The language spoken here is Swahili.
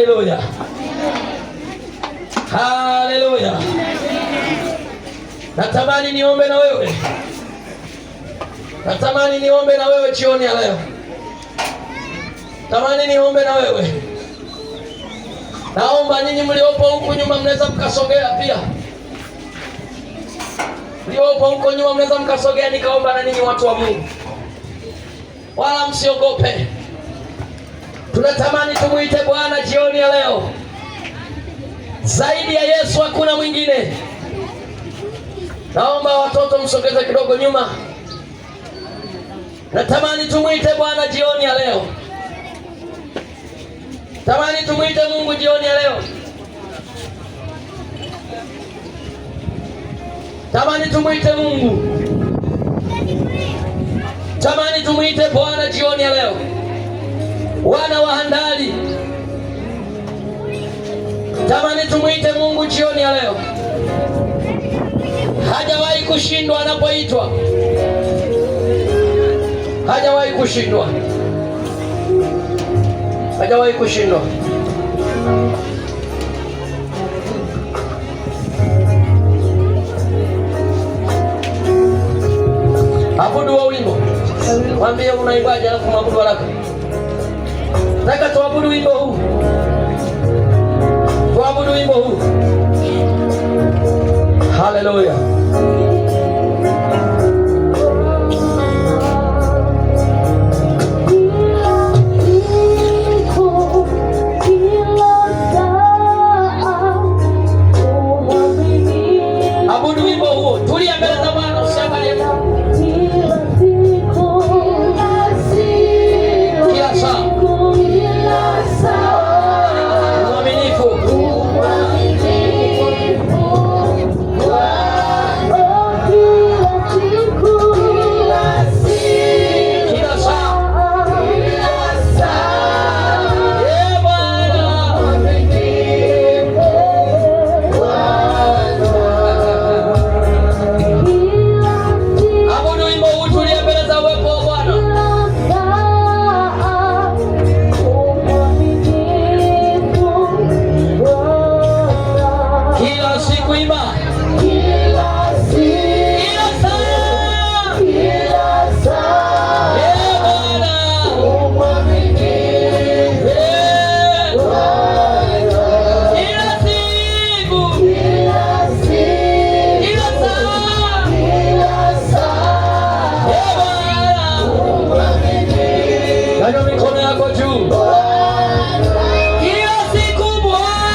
Haleluya, haleluya. Natamani niombe na wewe, natamani niombe na wewe chioni ya leo, natamani niombe na wewe. Naomba nyinyi mliopo huku nyuma, mnaweza mkasogea pia, mliopo huko nyuma, mnaweza mkasogea nikaomba na ninyi, watu wa Mungu, wala msiogope. Tunatamani tumuite Bwana jioni ya leo. Zaidi ya Yesu hakuna mwingine. Naomba watoto msogeze kidogo nyuma. Natamani tumuite Bwana jioni ya leo. Tamani tumuite Mungu jioni ya leo. Tamani tumuite Mungu. Tamani tumuite Bwana wana wa Handali. Tamani tumwite Mungu jioni ya leo, hajawahi kushindwa anapoitwa, hajawahi kushindwa, hajawahi kushindwa. Abudu wa wimbo, mwambie unaimbaje, alafu mwabudu haraka. Nataka tuabudu wimbo huu, tuabudu wimbo huu. Haleluya. Gracias.